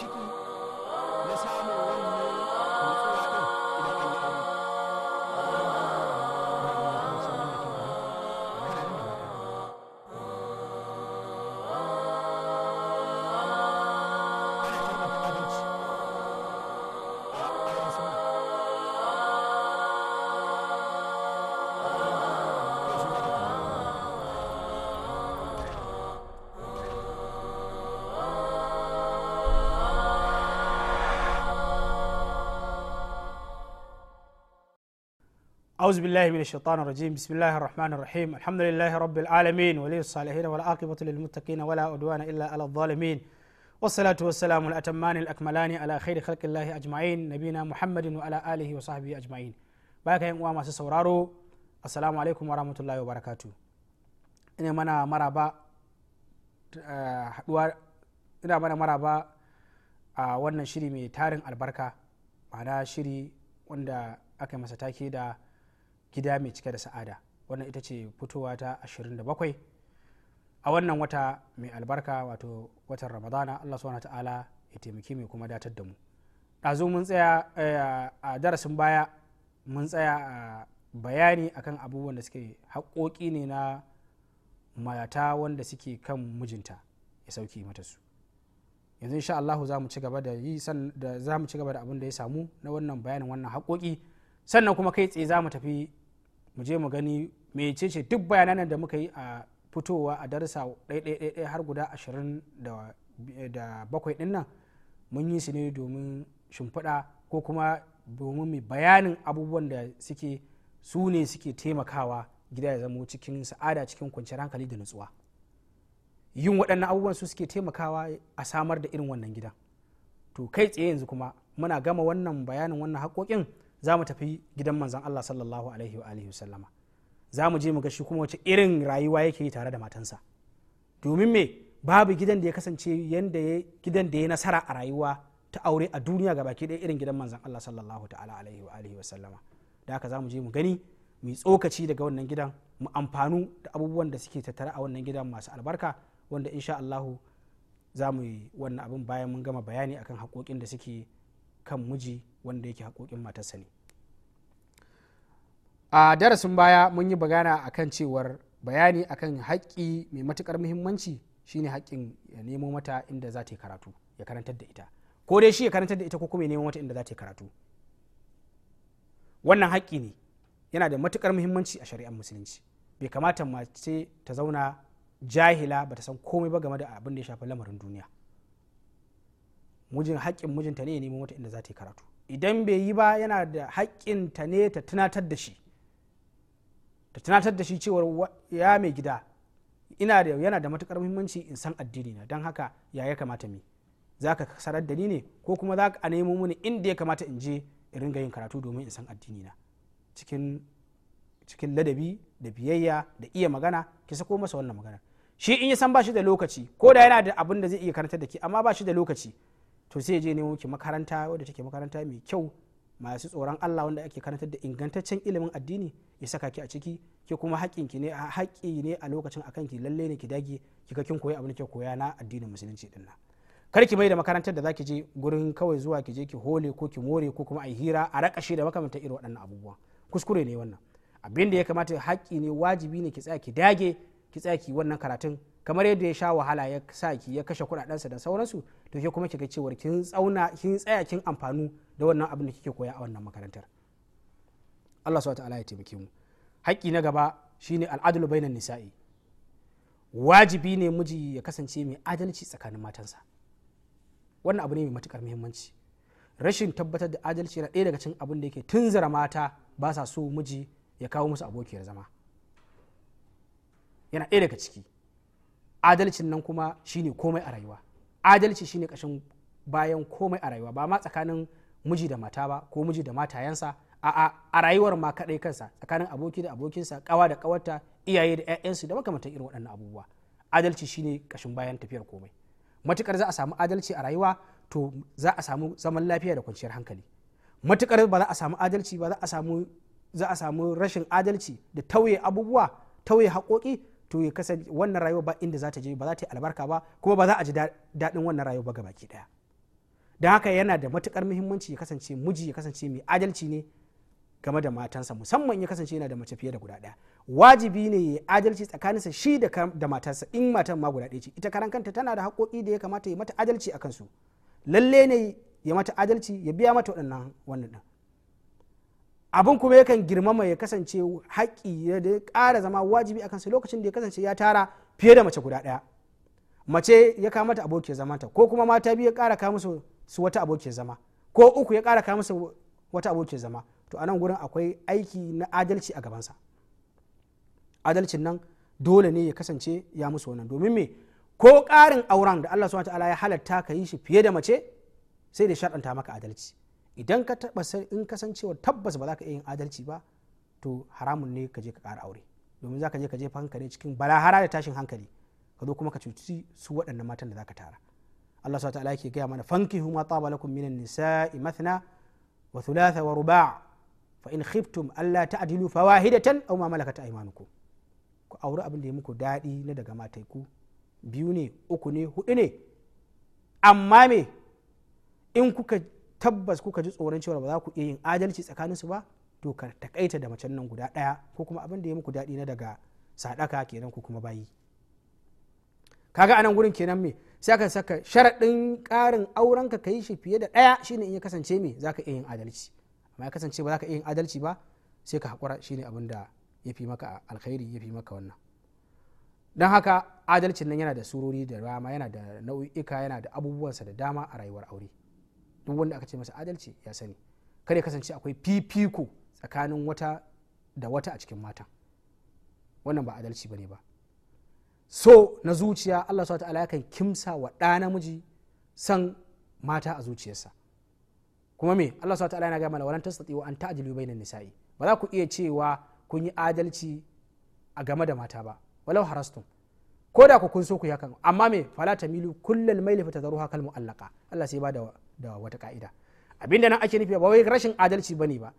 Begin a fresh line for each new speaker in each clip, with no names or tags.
마시고 أعوذ بالله من الشيطان الرجيم بسم الله الرحمن الرحيم الحمد لله رب العالمين ولي الصالحين والعاقبة للمتقين ولا عدوان إلا على الظالمين والصلاة والسلام الأتمان الأكملان على خير خلق الله أجمعين نبينا محمد وعلى آله وصحبه أجمعين باك ينقوى ما سسورارو السلام عليكم ورحمة الله وبركاته إن منا مرابا إن منا مرابا wannan shiri mai tarin albarka ma'ana shiri wanda aka masa take da gida mai cike da sa'ada wannan ita ce fitowa ta 27 a wannan wata mai albarka wato watan ramadana allah subhanahu ta'ala ya taimaki mai kuma datar da mu ɗazu mun tsaya eh, a darasin baya mun tsaya a bayani akan abubuwan da suke haƙoƙi ne na mata wanda suke kan mijinta ya sauki mata su yanzu insha Allahu za mu ci gaba da yi da za mu ci gaba da abin da ya samu na wannan bayanin wannan haƙoƙi sannan kuma kai tsaye za mu tafi mu je mu gani mecece duk bayananan da muka yi a fitowa a darasa ɗaiɗaiɗaiɗai har guda ashirin da bakwai ɗin nan mun yi su ne domin shimfiɗa ko kuma domin mai bayanin abubuwan da suke su ne suke taimakawa gida ya zama cikin sa'ada cikin kwanciyar hankali da nutsuwa yin waɗannan abubuwan su suke taimakawa a samar da irin wannan gida to kai tsaye yanzu kuma muna gama wannan bayanin wannan haƙoƙin za mu tafi gidan manzan Allah sallallahu alaihi wa alihi sallama za mu je mu ga shi kuma wace irin rayuwa yake yi tare da matansa domin me babu gidan da ya kasance yanda ya gidan da ya nasara a rayuwa ta aure a duniya ga baki ɗaya irin gidan manzon Allah sallallahu ta'ala alaihi wa alihi sallama da haka za mu je mu gani mu tsokaci daga wannan gidan mu amfanu da abubuwan da suke tattare a wannan gidan masu albarka wanda insha Allahu za mu yi wannan abin bayan mun gama bayani akan haƙoƙin da suke kan miji wanda yake haƙoƙin matarsa ne a darasin baya mun yi bagana akan cewar bayani akan haƙƙi mai matuƙar muhimmanci shine haƙƙin ya nemo mata inda za ta yi karatu ya karantar da ita ko dai shi ya karantar da ita ko kuma ya nemo mata inda za ta yi karatu wannan haƙƙi ne yana da matuƙar muhimmanci a shari'ar musulunci bai kamata mace ta zauna jahila bata san komai ba game da abin da ya shafi lamarin duniya Mujin haƙƙin mijinta ne ya nemo mata inda za ta yi karatu idan bai yi ba yana da haƙƙin ta ne ta tunatar da shi ta tunatar da shi cewar ya mai gida ina da yana da matukar muhimmanci in san addini na don haka ya ya kamata mi za ka sarar da ni ne ko kuma za ka nemo mini inda ya kamata in je in ringa yin karatu domin in san addini na cikin cikin ladabi da biyayya da iya magana ki sako masa wannan magana shi in ya san ba shi da lokaci ko da yana da abin da zai iya karantar da ke amma ba shi da lokaci to sai je nemo ki makaranta wadda take makaranta mai kyau masu tsoron Allah wanda ake karantar da ingantaccen ilimin addini ya saka ki a ciki ki kuma haƙƙin ki ne haƙƙi ne a lokacin akan ki lalle ne ki dage ki ga kin koyi abin da ke koya na addinin musulunci din kar ki mai da makarantar da zaki je gurin kawai zuwa ki je ki hole ko ki more ko kuma ai hira a rakashe da makamantar irin waɗannan abubuwa kuskure ne wannan abin da ya kamata haƙƙi ne wajibi ne ki tsaya ki dage ki tsaya ki wannan karatun kamar yadda ya sha wahala ya sa ki ya kashe sa da sauransu to ke kuma kiga cewar kin tsauna kin tsaya kin amfanu da wannan abin da kike koya a wannan makarantar Allah subhanahu ta'ala ya taimake mu haƙƙi na gaba shine al'adlu bainan nisa'i wajibi ne miji ya kasance mai adalci tsakanin matansa wannan abu ne mai matukar muhimmanci rashin tabbatar da adalci na ɗaya daga cikin abin da yake tunzura mata ba sa so miji ya kawo musu abokiyar zama yana ɗaya daga ciki adalcin nan kuma shine komai a rayuwa adalci shine kashin bayan komai a rayuwa ba ma tsakanin miji da mata ba ko miji da matayensa a a rayuwar ma kadai kansa tsakanin aboki da abokinsa kawa da kawarta iyaye da 'ya'yansu da makamantan irin waɗannan abubuwa adalci shine kashin bayan tafiyar komai matukar za a samu adalci a rayuwa to za a samu zaman lafiya da kwanciyar hankali matukar ba za a samu adalci ba za a samu za a samu rashin adalci da tauye abubuwa tauye haƙoƙi to ya kasance wannan rayuwa ba inda za ta je ba za ta yi albarka ba kuma ba za a ji daɗin wannan rayuwa ba gabaki ɗaya don haka yana da matukar muhimmanci ya kasance miji ya kasance mai adalci ne game da matansa musamman ya kasance yana da mace fiye da guda ɗaya wajibi ne ya adalci tsakaninsa shi da matarsa in matan ma guda ɗaya ce ita karan kanta tana da haƙoƙi da ya kamata ya mata adalci a kansu lalle ne ya mata adalci ya biya mata waɗannan wannan abin kuma yakan girmama ya kasance haƙƙi da ya ƙara zama wajibi akan sai lokacin da ya kasance ya tara fiye da mace guda ɗaya mace ya kama ta abokiyar zamanta ko kuma mata biyu ya ƙara kama su wata abokiyar zama ko uku ya ƙara kama musu wata abokiyar zama to a nan gurin akwai aiki na adalci a gabansa adalcin nan dole ne ya kasance ya musu wannan domin me ko ƙarin auren da Allah subhanahu ya halatta ka yi shi fiye da mace sai da shaɗanta maka adalci idan ka taba in kasancewa tabbas ba za ka iya yin adalci ba to haramun ne ka je ka ƙara aure domin za ka je ka jefa hankali cikin balahara da tashin hankali ka zo kuma ka cuci su waɗannan matan da za ka tara Allah subhanahu ta'ala yake gaya mana fanki huma taba lakum minan nisa'i mathna wa thulatha wa ruba' fa in khiftum alla ta'dilu fawahidatan aw ma malakat aymanukum ku aure abin da ya muku daɗi na daga mataiku biyu ne uku ne hudu ne amma me in kuka tabbas kuka ji tsoron cewa ba za ku iya yin adalci tsakaninsu ba to ka takaita da macen nan guda ɗaya ko kuma abin da ya muku daɗi na daga sadaka kenan ku kuma bayi kaga anan gurin kenan me sai aka saka sharaɗin ƙarin aurenka ka yi shi fiye da ɗaya shine in ya kasance me za ka iya yin adalci amma ya kasance ba za ka iya yin adalci ba sai ka haƙura shine abin da ya fi maka alkhairi ya fi maka wannan don haka adalcin nan yana da surori da rama yana da nau'ika yana da abubuwansa da dama a rayuwar aure duk wanda aka ce masa adalci ya sani kada kasance akwai fifiko tsakanin wata da wata a cikin mata wannan ba adalci bane ba so na zuciya allah swt yakan kimsa wa ɗa namiji san mata a zuciyarsa kuma me allah swt yana gaya mana walan tastati wa an ta'jilu bainan nisa'i ba za ku iya cewa kun yi adalci a game da mata ba walau harastum ko da ku kun so ku yi hakan amma me fala tamilu kullal maili fa kan mu'allaka allah sai ba da da wata ka'ida abin da nan ake nufi ba wai rashin adalci bane ba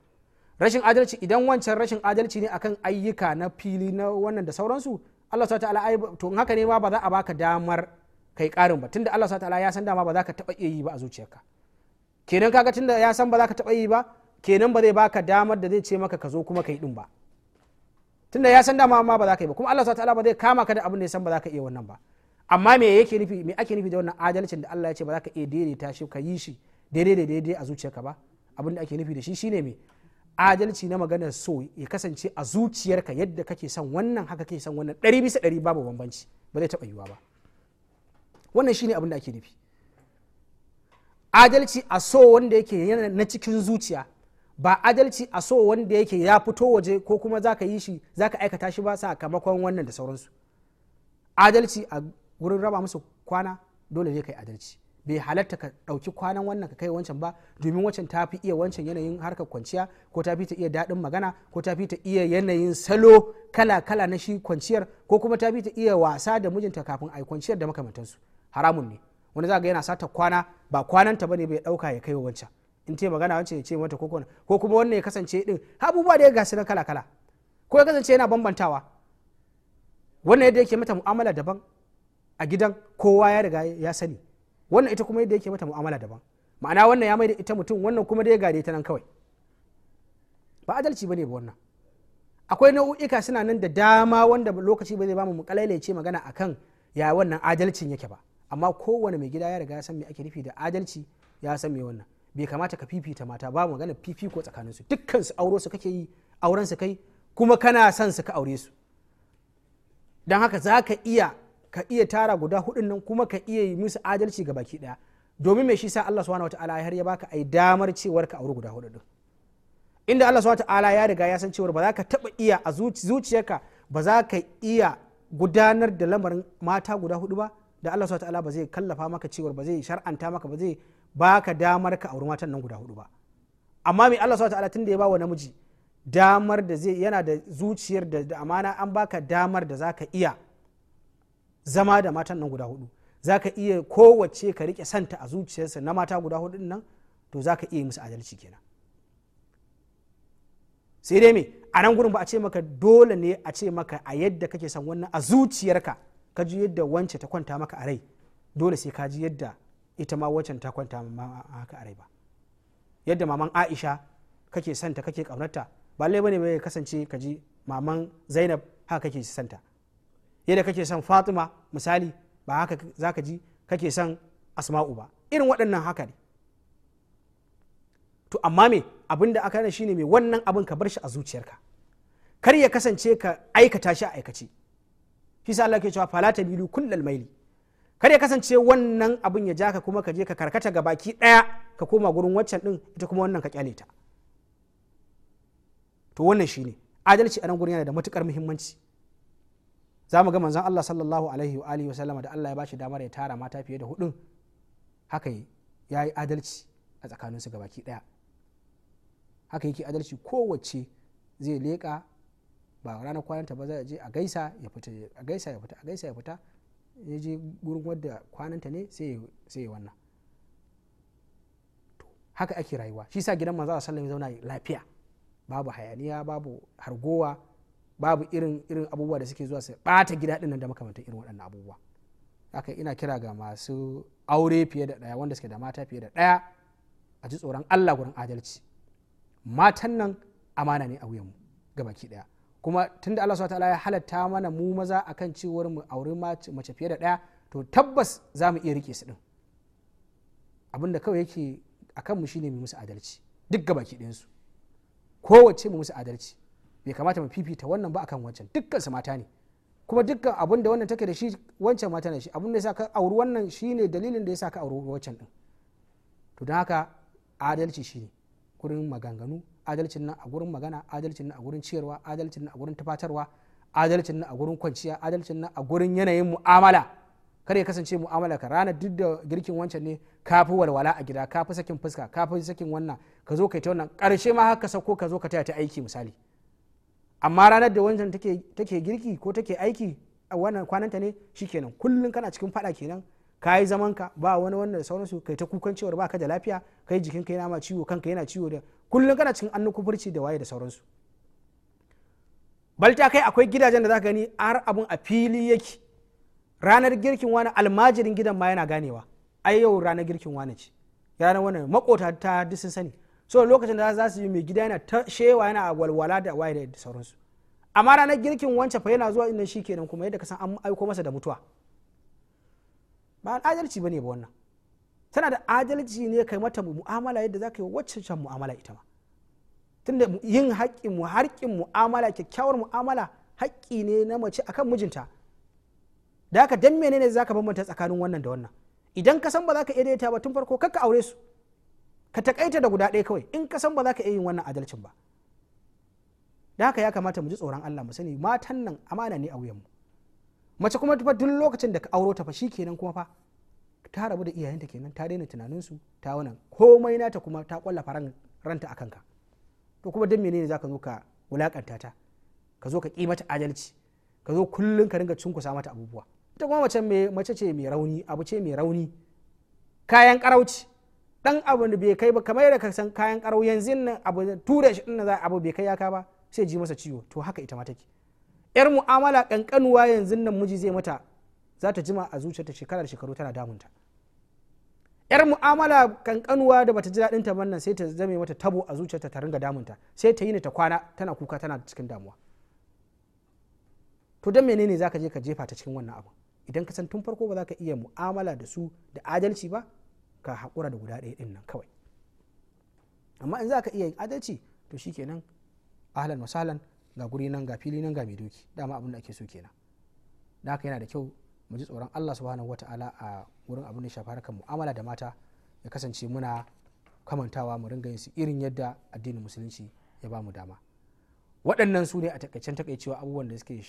rashin adalci idan wancan rashin adalci ne akan ayyuka na fili na wannan da sauransu Allah subhanahu ta'ala ai to in haka ne ma ba za a baka damar kai karin ba tunda Allah subhanahu ta'ala ya san dama ba za ka taba iya yi ba a zuciyarka kenan kaga tunda ya san ba za ka taba yi ba kenan ba zai baka damar da zai ce maka ka zo kuma kai din ba tunda ya san dama ma ba za ka yi ba kuma Allah subhanahu ta'ala ba zai kama ka da abin da ya san ba za ka iya wannan ba amma me yake nufi me ake nufi da wannan adalcin da Allah ya ce ba za ka iya daidaita shi ka yi shi daidai da daidai a zuciyarka ba abin da ake nufi da shi shine me adalci na maganar so ya kasance a zuciyarka yadda kake son wannan haka kake son wannan ɗari bisa ɗari babu bambanci ba zai taɓa yiwuwa ba wannan shine abin da ake nufi adalci a so wanda yake yana na cikin zuciya ba adalci a so wanda yake ya fito waje ko kuma za ka yi shi za ka aikata shi ba sakamakon wannan da sauransu adalci a wurin raba musu kwana dole ne kai adalci bai halarta ka ɗauki kwanan wannan ka kai wancan ba domin wancan ta fi iya wancan yanayin harkar kwanciya ko ta fi ta iya daɗin magana ko ta fi ta iya yanayin salo kala kala na shi kwanciyar ko kuma ta fi ta iya wasa da mijinta kafin a kwanciyar da makamantansu haramun ne wani za ga yana sata kwana ba kwananta bane bai ɗauka ya kai wa wancan in ce magana wancan ya ce mata ko ko kuma wannan ya kasance din abubuwa da ya gasu na kala kala ko ya kasance yana bambantawa wannan yadda yake mata mu'amala daban a gidan kowa ya riga ya sani wannan ita kuma yadda yake mata mu'amala daban ma'ana wannan ya maida ita mutum wannan kuma dai gare ta nan kawai ba adalci bane ba wannan akwai nau'ika suna nan da dama wanda lokaci ba zai bamu mu ce magana akan ya wannan adalcin yake ba amma kowane mai gida ya riga ya san me ake nufi da adalci ya san me wannan bai kamata ka fifita mata ba magana fifiko tsakanin su dukkan su auro su kake yi auren su kai kuma kana son su ka aure su don haka za iya ka iya tara guda hudun nan kuma ka iya yi musu adalci ga baki daya domin me shi sa Allah subhanahu wataala har ya baka ai damar cewar ka auri guda hudu din inda Allah subhanahu wataala ya riga ya san cewar ba za ka taba iya a zuciyarka ba za ka iya gudanar da lamarin mata guda hudu ba da Allah subhanahu wataala ba zai kallafa maka cewar ba zai shar'anta maka ba zai baka damar ka auri matan nan guda hudu ba amma me Allah subhanahu wataala tunda ya ba wa namiji damar da zai yana da zuciyar da amana an baka damar da zaka iya zama da matan nan guda hudu za ka iya kowace ka rike santa a zuciyarsa na mata guda hudu nan to za ka iya musu adalci kenan sai dai me a nan gurin ba a ce maka dole ne a ce maka a yadda kake son wannan a zuciyarka ka ji yadda wance ta kwanta maka a rai dole sai ka ji yadda ita ma wancan ta kwanta maka a rai ba yadda maman aisha kake santa kake kaunarta ba lai bane bai kasance ka ji maman zainab haka kake santa yadda kake son fatima misali ba haka zaka ji kake son asma'u ba irin waɗannan haka ne to amma me abin da aka shine mai wannan abin ka bar shi a zuciyarka kar ya kasance ka aikata shi a aikace shi sa Allah ke cewa fala bilu kullal maili kar ya kasance wannan abin ya ja ka kuma ka je ka karkata ga baki daya ka koma gurin waccan din ita kuma wannan ka kyale ta to wannan shine adalci a nan gurin yana da matukar muhimmanci za mu ga manzon Allah sallallahu alaihi wa alihi wasallama da Allah ya bashi damar ya tara mata fiye da hudun haka ya yi adalci a tsakanin su gabaki daya haka yake adalci kowace zai leka ba ranar kwananta ba zai je a gaisa ya fita a gaisa ya fita a gaisa ya fita ya je gurin wadda kwananta ne sai ya wannan haka ake rayuwa shi sa gidan Allah sallallahu alaihi ya zauna lafiya babu hayaniya babu hargowa babu irin irin abubuwa da suke zuwa su bata gida din nan da makamantan irin waɗannan abubuwa haka ina kira ga masu aure fiye da ɗaya wanda suke da mata fiye da ɗaya a ji tsoron Allah gurin adalci matan nan amana ne a wuyanmu ga baki ɗaya kuma tunda Allah subhanahu ya halatta mana mu maza akan cewar mu aure mace fiye da ɗaya to tabbas za mu iya rike su ɗin. Abinda kawai yake akan mu shine mu musu adalci duk ga baki ɗayansu kowace mu musu adalci bai kamata mu fifita wannan ba akan wancan dukkan su mata ne kuma dukkan abun da wannan take da shi wancan mata ne shi abun da yasa ka auri wannan shine dalilin da ya sa ka auri wancan din to don haka adalci shine gurin maganganu adalcin nan a gurin magana adalcin nan a gurin ciyarwa adalcin nan a gurin tufatarwa adalcin nan a gurin kwanciya adalcin nan a gurin yanayin mu'amala kar ya kasance mu'amala ka rana duk da girkin wancan ne ka fi walwala a gida ka fi sakin fuska ka fi sakin wannan ka zo kai ta wannan karshe ma haka sauko ka zo ka taya ta aiki misali amma ranar da wancan take girki ko take aiki a wannan kwananta ne shikenan kullum kana cikin fada kenan ka yi zaman ba wani wanda da sauransu kai ta kukan cewar ka da lafiya kai jikin ka yana ma ciwo kanka yana ciwo da kullum kana cikin annu kufurci da waye da sauransu balta kai akwai gidajen da za gani har abun a fili yake ranar girkin wani almajirin gidan ma yana ganewa ai yau ranar girkin wani ce ranar wani makota ta sani so lokacin da za su yi mai gida yana ta shewa yana walwala da waye da sauransu amma ranar girkin wancan fa yana zuwa inda shi kenan kuma yadda kasan an aiko masa da mutuwa ba adalci bane ba wannan tana da adalci ne kai mata mu'amala yadda za ka yi wacce can mu'amala ita ma tunda yin haƙƙin mu harƙin mu'amala kyakkyawar mu'amala haƙƙi ne na mace akan mijinta da haka dan menene za ka bambanta tsakanin wannan da wannan idan ka san ba za ka iya daita ba tun farko kakka aure su ka takaita da guda ɗaya kawai in ka san ba za ka iya yin wannan adalcin ba da haka ya kamata mu ji tsoron Allah mu sani matan nan amana ne a wuyan mu. mace kuma fa duk lokacin da ka auro ta fa kenan kuma fa ta rabu da iyayenta kenan ta daina tunanin su ta wannan komai nata kuma ta kwalla faran ranta a kanka to kuma dan menene zaka zo ka wulakanta ta ka zo ka ki mata adalci ka zo kullun ka ringa cunkusa mata abubuwa ita kuma mace mace ce mai rauni abu ce mai rauni kayan karauci dan abu da bai kai ba kamar yadda ka san kayan karo yanzu nan abu tura shi din za abu bai kai ya ka ba sai ji masa ciwo to haka ita ma take yar mu'amala kankanuwa yanzu nan miji zai mata za ta jima a zuciyarta shekara shekarar shekaru tana damunta yar mu'amala kankanuwa da bata ji daɗin ta nan sai ta zame mata tabo a zuciyarta ta ringa damunta sai ta yi ni ta kwana tana kuka tana cikin damuwa to dan menene zaka je ka jefa ta cikin wannan abu idan ka san tun farko ba za ka iya mu'amala da su da adalci ba ka haƙura da guda ɗaya ɗin nan kawai amma in za ka iya yin adalci to shi kenan ahlan wasalan ga guri nan ga fili nan ga mai doki dama abin da ake so kenan da haka yana da kyau mu ji tsoron Allah subhanahu wataala a wurin abin da shafi kan mu'amala da mata ya kasance muna kamantawa mu ringa yin su irin yadda addinin musulunci ya ba mu dama waɗannan su ne a takaicen takaicewa abubuwan da suke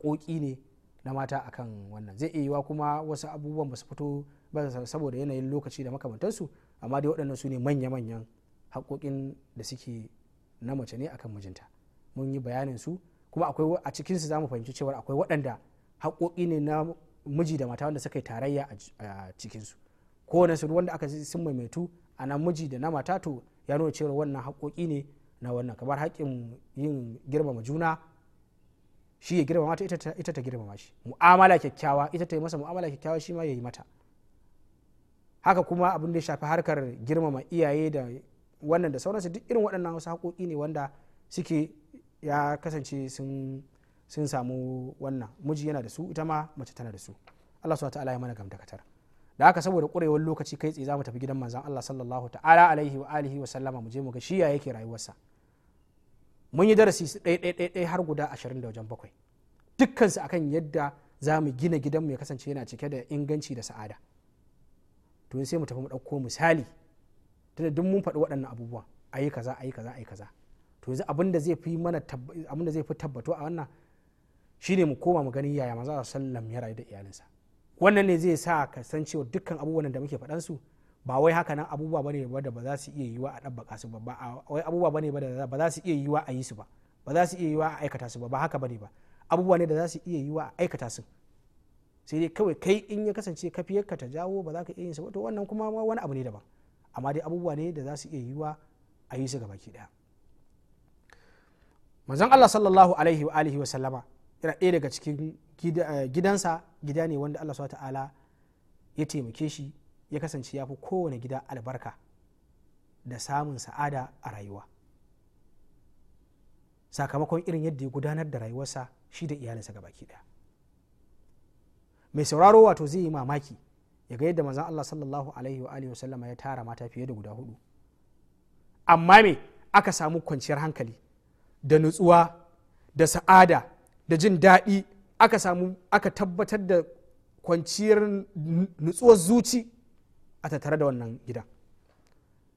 haƙoƙi ne na mata akan wannan zai iya yiwa kuma wasu abubuwan ba su fito ba saboda yanayin lokaci da makamantansu amma dai waɗannan su ne manya-manyan haƙoƙin da suke na mace ne akan mijinta mun yi bayanin su kuma akwai a cikin su zamu fahimci cewa akwai waɗanda haƙoƙi ne na miji da mata wanda suka yi tarayya a cikin su na su wanda aka sun maimaitu a nan miji da na mata to ya nuna cewa wannan haƙoƙi ne na wannan kamar haƙƙin yin girmama juna shi ya girmama ta ita ta girmama shi mu'amala kyakkyawa ita ta yi masa mu'amala kyakkyawa shi ma ya yi mata haka kuma abin da ya shafi harkar girmama iyaye da wannan da sauransu duk irin waɗannan wasu haƙoƙi ne wanda suke ya kasance sun samu wannan miji yana da su ita ma mace tana da su Allah subhanahu ta'ala ya mana dakatar da haka saboda ƙurewar lokaci kai tsaye za mu tafi gidan manzon Allah sallallahu ta'ala alaihi wa alihi wa sallama mu je mu ga shi ya yake rayuwarsa mun yi darasi su ɗaya har guda ashirin da wajen bakwai dukkansu akan yadda za mu gina mu ya kasance yana cike da inganci da sa'ada to sai mu tafi mu ɗauko misali tunda duk mun faɗi waɗannan abubuwan ayi kaza ayi kaza ayi kaza to yanzu abin da zai fi mana abin da zai fi tabbato a wannan shine mu koma mu gani yaya manzo sallam ya rayu da iyalinsa wannan ne zai sa ka san cewa dukkan abubuwan da muke faɗan su ba wai haka nan abubuwa bane ba da ba za su iya yiwa a ɗabbaka su ba ba wai abubuwa bane ba da ba za su iya yiwa a yi su ba ba za su iya yiwa a aikata su ba ba haka bane ba abubuwa ne da za su iya yiwa a aikata su sai dai kawai kai in ya kasance kafiyarka ta jawo ba za ka iya yin su ba to wannan kuma wani abu ne daban amma dai abubuwa ne da za su iya yiwa a yi su ga baki daya manzon Allah sallallahu alaihi wa alihi wa sallama yana ɗaya daga cikin eh, gidansa gida ne wanda Allah subhanahu ta'ala ya taimake shi ya kasance ya fi kowane gida albarka da samun sa'ada a rayuwa sakamakon irin yadda ya gudanar da rayuwarsa shi da iyalinsa ga baki daya mai sauraro wato zai yi mamaki ya ga yadda manzon Allah sallallahu alaihi wa alihi ya tara mata fiye da guda hudu amma me aka samu kwanciyar hankali da nutsuwa da sa'ada da jin daɗi aka samu aka tabbatar da kwanciyar nutsuwar zuci a tattare da wannan gidan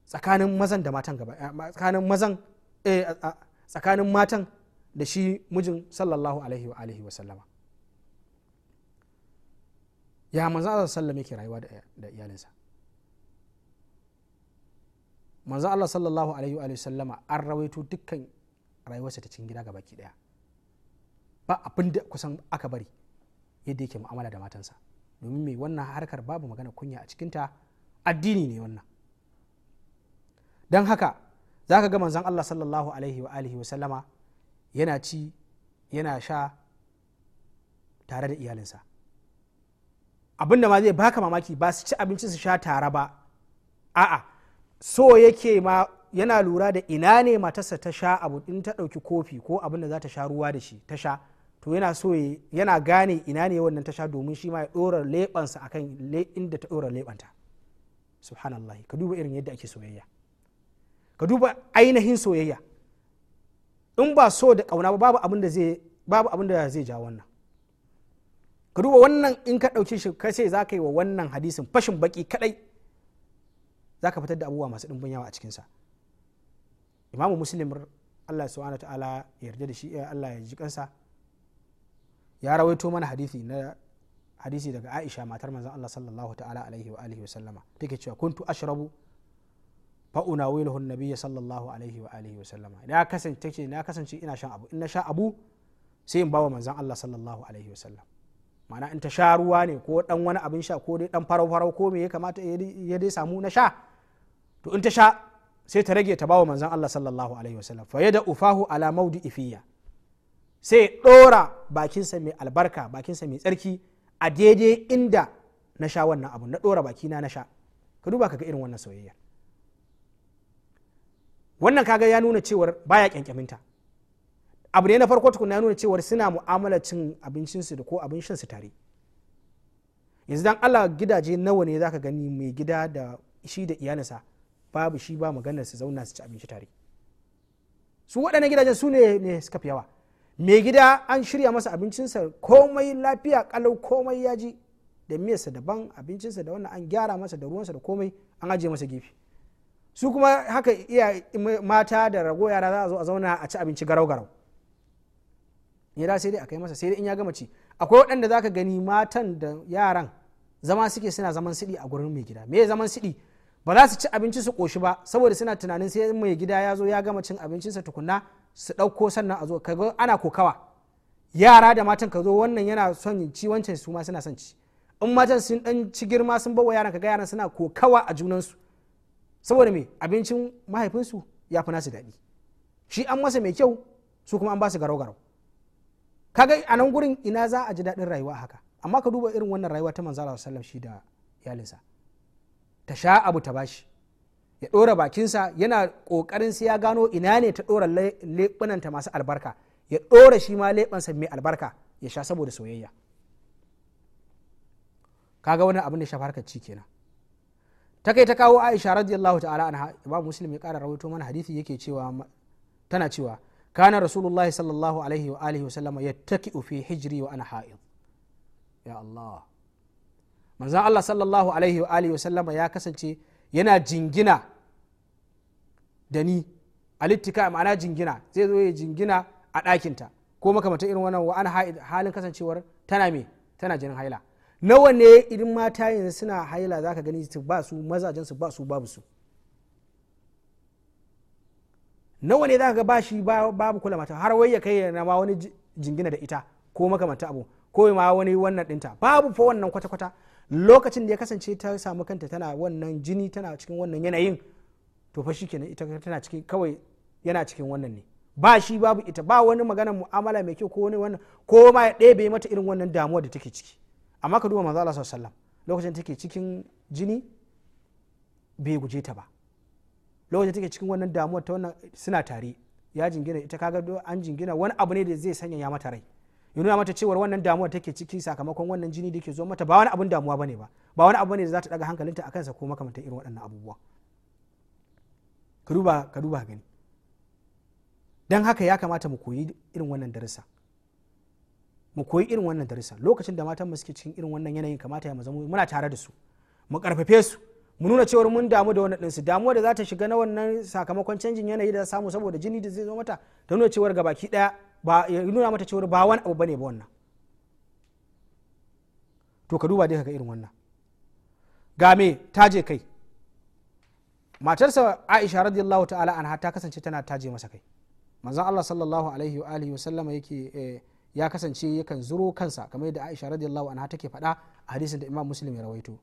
tsakanin mazan da matan gaba eh, tsakanin mazan eh, tsakanin matan da shi mijin sallallahu alaihi wa alihi wa sallama ya manzo Allah sallallahu yake rayuwa da iyalinsa manzo Allah sallallahu alaihi wa alihi sallama an rawaito dukkan rayuwarsa ta cikin gida gaba ki daya ba abin da kusan aka bari yadda yake mu'amala da matansa domin mai wannan harkar babu magana kunya a cikinta addini ne wannan don haka za ka ga manzon Allah sallallahu alaihi wa alihi wasallama yana ci yana sha tare da iyalinsa abinda ma zai baka mamaki ba su ci abinci su sha tare ba a'a so yake ma yana lura da ina ne matarsa ta sha abu in ta ɗauki kofi ko abin da za ta sha ruwa da shi ta sha to yana so yana gane ina ne wannan ta sha domin shi ma ya ɗora leɓansa akan inda ta ɗora leɓanta subhanallah ka duba irin yadda ake soyayya ka duba ainihin soyayya in ba so da kauna ba babu abin da zai babu abin da zai ja wannan ka duba wannan in ka ɗauki shi ka ce za ka yi wa wannan hadisin fashin baki kadai za ka fitar da abubuwa masu dimbin yawa a cikinsa imamu muslim allah subhanahu ta'ala ya yarda da shi allah ya ji kansa ya rawaito mana hadisi na hadisi daga aisha matar manzon allah sallallahu ta'ala alaihi wa alihi wa sallama take cewa kuntu ashrabu fa unawiluhu nabiyyi sallallahu alaihi wa alihi wa sallama na kasance na kasance ina shan abu in na sha abu sai in bawa manzon allah sallallahu alaihi wa sallam ma'ana in ta sha ruwa ne ko dan wani abin sha ko dai dan farau farau ko me ya kamata ya dai samu na sha to in ta sha sai ta rage ta bawa manzon allah sallallahu alaihi wa sallam fa yada ufahu ala maudi ifiya sai dora bakinsa mai albarka bakinsa mai tsarki a daidai inda na sha wannan abu na ɗora baki na na sha ka duba kaga irin wannan soyayya wannan kaga ya nuna cewar baya kyankyaminta abu ne na farko tukuna ya nuna cewar suna mu'amala cin abincinsu da ko abin shansu tare yanzu dan allah gidaje nawa ne zaka gani mai gida da shi da iyalinsa babu shi ba maganar su zauna su ci abinci tare su waɗannan gidajen su ne suka fi yawa mai gida an shirya masa abincinsa komai lafiya kalau komai ya ji da miyarsa daban abincinsa da wannan an gyara masa da ruwansa da komai an ajiye masa gefe su kuma haka iya mata da rago yara za a zo a zauna a ci abinci garau garau da sai dai a kai masa sai dai in ya gama ci akwai waɗanda za ka gani matan da yaran zama suke suna zaman siɗi a gurin mai gida me zaman siɗi ba za su ci abinci su ƙoshi ba saboda suna tunanin sai mai gida ya zo ya gama cin abincinsa tukunna su ɗauko sannan a zo kaga ana kokawa yara da matan ka zo wannan yana son ci wancan su ma suna son ci in matan sun dan ci girma sun bawa yaran kaga yaran suna kokawa a junansu saboda me abincin mahaifinsu ya fi nasu daɗi shi an masa mai kyau su kuma an ba su garau garau kaga a nan gurin ina za a ji daɗin rayuwa haka amma ka duba irin wannan rayuwa ta manzala sallam shi da iyalinsa ta sha abu ta bashi ya ɗora bakinsa yana ƙoƙarin sai ya gano ina ne ta ɗora leɓunanta masu albarka ya ɗora shi ma leɓansa mai albarka ya sha saboda soyayya kaga wani abin da shafa ci kenan ta kai ta kawo aisha radiyallahu ta'ala anha imam muslim ya ƙara rawaito mana hadisi yake cewa tana cewa kana rasulullahi sallallahu alaihi wa alihi wa sallama yattaki'u fi hijri wa ana ha'id ya allah manzon allah sallallahu alaihi wa alihi wa sallama ya kasance yana jingina da ni littika ma'ana jingina zai zo ya jingina a ɗakinta ko makamata irin wannan wa ana halin kasancewar tana me tana jinin haila nawa ne idan mata yanzu suna haila za ka gani su ba su mazajen su ba su babu su nawa ne za ga ba shi babu kula mata har wai ya kai na ma wani jingina da ita ko makamata abu ko ma wani wannan dinta babu fa wannan kwata-kwata lokacin da ya kasance ta samu kanta tana wannan jini tana cikin wannan yanayin to fa shikenan ita tana cikin kawai yana cikin wannan ne ba shi babu ita ba wani magana mu'amala mai kyau ko wani wannan ko ma ya ɗebe mata irin wannan damuwa da take ciki amma ka duba manzo Allah sallallahu alaihi wasallam lokacin take cikin jini bai guje ta ba lokacin take cikin wannan damuwa ta wannan suna tare ya jingina ita kaga an jingina wani abu ne da zai sanya ya mata rai ya nuna mata cewar wannan damuwa take ciki sakamakon wannan jini da ke zo mata ba wani abun damuwa bane ba ba wani abu ne da za ta daga hankalinta a kansa ko makamantar irin waɗannan abubuwa ka duba ka duba gani dan haka ya kamata mu koyi irin wannan darasa mu koyi irin wannan darasa lokacin da matan mu suke cikin irin wannan yanayin kamata ya mu zama muna tare da su mu karfafe su mu nuna cewar mun damu da wannan ɗinsu damuwa da za ta shiga na wannan sakamakon canjin yanayi da samu saboda jini da zai zo mata ta nuna cewar gabaki daya. ba ya nuna mata cewa ba wani abu bane ba wannan to ka duba dai kaga irin wannan ga me taje kai matarsa Aisha radiyallahu ta'ala anha ta kasance tana taje masa kai manzon Allah sallallahu alaihi wa alihi wasallama yake eh, ya kasance yakan zuro kansa kamar yadda Aisha radiyallahu anha take faɗa a hadisin da Imam Muslim ya rawaito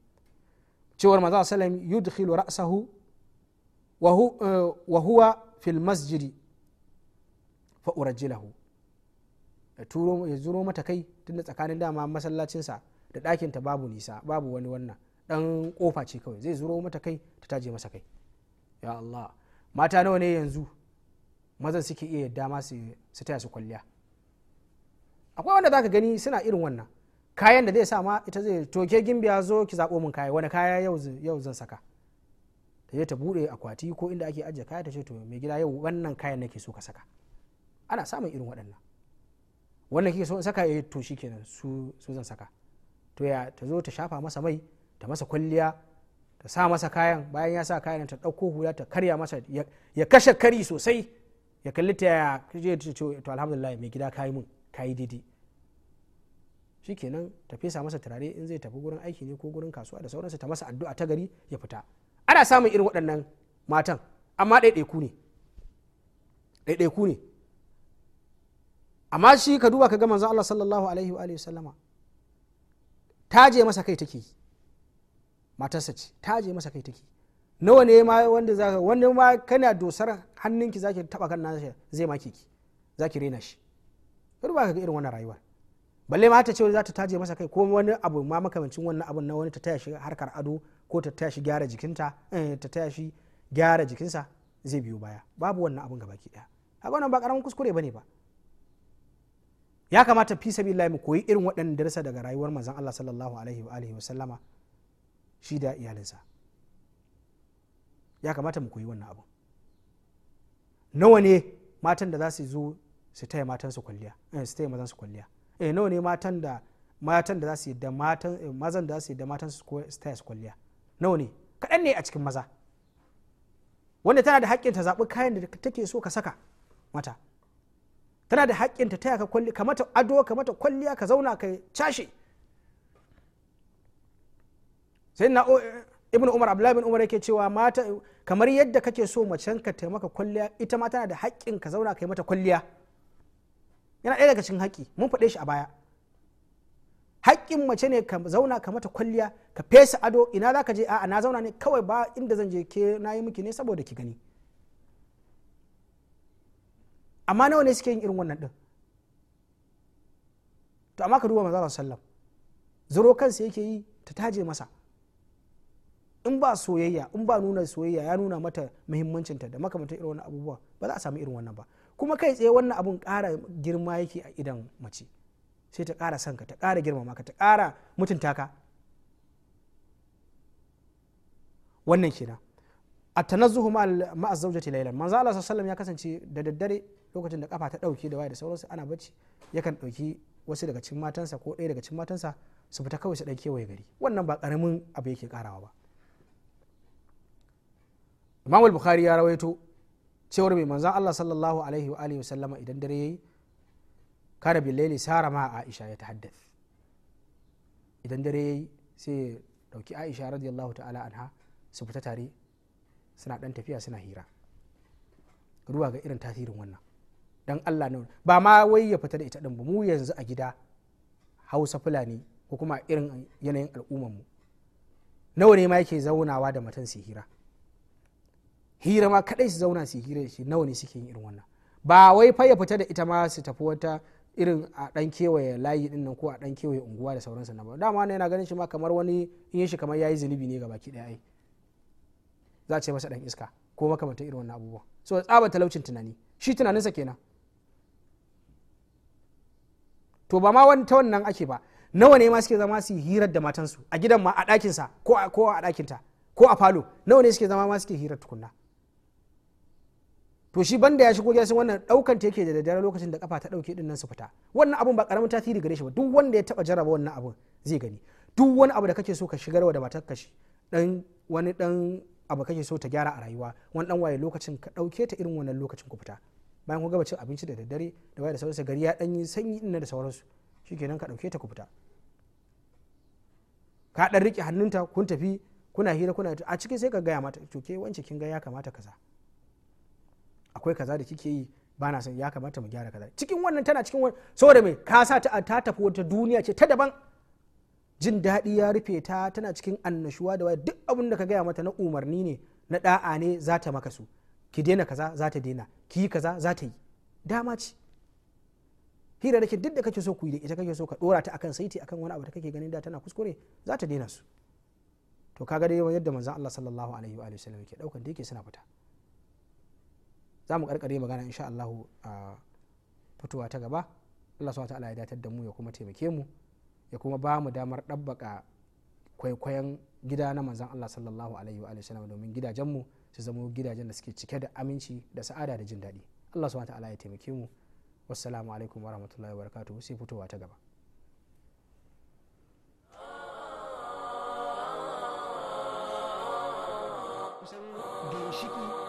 cewar manzon sallam yudkhilu ra'sahu eh, wa huwa fil masjidi fa urajjilahu ya zuro mata kai tunda tsakanin dama masallacinsa da ɗakinta babu nisa babu wani wannan ɗan kofa ce kawai zai zuro mata kai ta taje masa kai ya Allah mata nawa ne yanzu mazan suke iya yadda ma su taya su kwalliya akwai wanda zaka gani suna irin wannan kayan da zai sa ma ita zai toke gimbiya zo ki zabo min kaya wani kaya yau zan saka ta je ta buɗe akwati ko inda ake ajiye kaya ta ce to mai gida yau wannan kayan nake so ka saka ana samun irin waɗannan wannan kike so in saka eh to shikenan su su zan saka to ya ta zo ta shafa masa mai ta masa kwalliya ta sa masa kayan bayan ya sa kayan ta dauko hula ta karya masa ya kashe kari sosai ya kalli ta ya to alhamdulillah mai gida kai mun kayi daidai shikenan ta fesa masa turare in zai tafi gurin aiki ne ko gurin kasuwa da sauransu ta masa addu'a ta gari ya fita ana samun irin waɗannan matan amma ɗaiɗaiku ne ɗaiɗaiku ne amma shi ka duba ka ga manzo Allah sallallahu alaihi wa alihi sallama taje masa kai take matarsa ce taje masa kai take nawa ne ma wanda zaka wanda ma kana dosar hannunki zaki taba kan nasa zai maki ki zaki rena shi ka duba ka ga irin wannan rayuwa balle ma ta ce za ta taje masa kai ko wani abu ma makamancin wannan abun na wani ta taya shi harkar ado ko ta taya shi gyara jikinta eh, ta taya shi gyara jikinsa zai biyo baya babu wannan abun gaba ki daya haka wannan ba karamin kuskure bane ba ya kamata fi sabilillahi mu koyi irin waɗannan darasa daga rayuwar manzon Allah sallallahu alaihi wa alihi wa sallama shi da iyalinsa ya kamata mu koyi wannan abu nawa ne matan da za su zo su taya matan su kwalliya eh su taya mazan su kwalliya eh nawa ne matan da matan da za su yadda matan eh, mazan da za su yadda matan su taya su kwalliya nawa ne kaɗan ne a cikin maza wanda tana da haƙƙin ta zaɓi kayan da take so ka saka mata tana da haƙƙin ta taya ka kwalli ka mata ado ka mata kwalliya ka zauna ka cashe sai na eh, ibnu umar abdullahi bin umar yake cewa mata kamar yadda kake so macen ka ta maka kwalliya ita ma tana da haƙƙin ka zauna ka mata kwalliya yana ɗaya daga cikin haƙƙi mun faɗe shi a baya haƙƙin mace ne ka zauna ka mata kwalliya ka fesa ado ina za ka je a'a na zauna ne kawai ba inda zan je ke na yi miki ne saboda ki gani amma nawa ne suke yin irin wannan din to amma ka duba manzo sallam zuro kansa yake yi ta taje masa in ba soyayya in ba nuna soyayya ya nuna mata muhimmancinta da makamantar irin wannan abubuwa ba za a samu irin wannan ba kuma kai tsaye wannan abun ƙara girma yake a idan mace sai ta ƙara son ka ta ƙara girmama ka ta ƙara mutunta ka wannan kenan at tanazzuhu ma'a zawjati laylan manzo Allah sallallahu alaihi wasallam ya kasance da daddare lokacin da kafa ta dauke da waya da sauransu ana bacci yakan dauki wasu daga cikin matansa ko ɗaya daga cikin matansa su fita kawai su dan kewaye gari wannan ba karamin abu yake karawa ba imamul bukhari ya rawaito cewar mai manzan allah sallallahu alaihi wa alihi idan dare yayi kara billaili sara ma aisha ya tahaddath idan dare yayi sai dauki aisha radiyallahu ta'ala anha su fita tare suna dan tafiya suna hira ruwa ga irin tasirin wannan dan Allah ne ba ma wai ya fita da ita din ba mu yanzu a gida Hausa Fulani ko kuma irin yanayin al'ummar mu nawa ne ma yake zaunawa da matan su hira hira ma kadai su zauna su hira da shi nawa ne suke yin irin wannan ba wai fa ya fita da ita ma su tafi wata irin a dan kewaye layi din nan ko a dan kewaye unguwa da sauransu na ba dama yana ganin shi ma kamar wani in shi kamar yayi zunubi ne baki daya ai za a ce masa dan iska ko makamantan irin wannan abubuwa so tsaba talaucin tunani shi tunaninsa kenan to ba ma wani ta wannan ake ba nawa ne ma suke zama su hirar da matansu a gidan ma a ɗakinsa ko a ta ko a falo nawa ne suke zama ma suke hirar tukunna to shi banda ya shigo ya san wannan daukan ta yake da daddare lokacin da kafa ta dauke din nan su fita wannan abun ba karamin tasiri gare shi ba duk wanda ya taba jaraba wannan abun zai gani duk wani abu da kake so ka shigarwa da matarka shi dan wani dan abu kake so ta gyara a rayuwa wani dan waye lokacin ka dauke ta irin wannan lokacin ku fita bayan kun gaba cin abinci da daddare da waya da sauransu gari ya danyi sanyi ina da sauransu shikenan ka dauke ta ku fita ka dan rike hannunta kun tafi kuna hira kuna a cikin sai ka gaya mata to ke wance kin ga ya kamata kaza akwai kaza da kike yi ba na son ya kamata mu gyara kaza cikin wannan tana cikin wannan saboda me ka sa ta ta tafi wata duniya ce ta daban jin daɗi ya rufe ta tana cikin annashuwa da waya duk abin da ka gaya mata na umarni ne na da'a ne za ta maka su ki daina kaza za ta daina ki yi kaza za ta yi dama ce hira da duk da kake so ku yi da ita kake so ka dora ta akan saiti akan wani abu da kake ganin da tana kuskure za ta daina su to kaga dai yadda manzon Allah sallallahu alaihi wa sallam yake daukan da yake suna fita za mu karkare magana insha Allah a fitowa ta gaba Allah subhanahu ta'ala ya datar da mu ya kuma taimake mu ya kuma ba mu damar dabbaka kwaikwayon gida na manzon Allah sallallahu alaihi wa sallam domin gidajen mu su zamo gidajen da suke cike da aminci da sa'ada da jin daɗi allah subhanahu ta'ala ya taimake mu wassalamu alaikum wa wa wabarakatuhu sai fitowa ta gaba ginshiki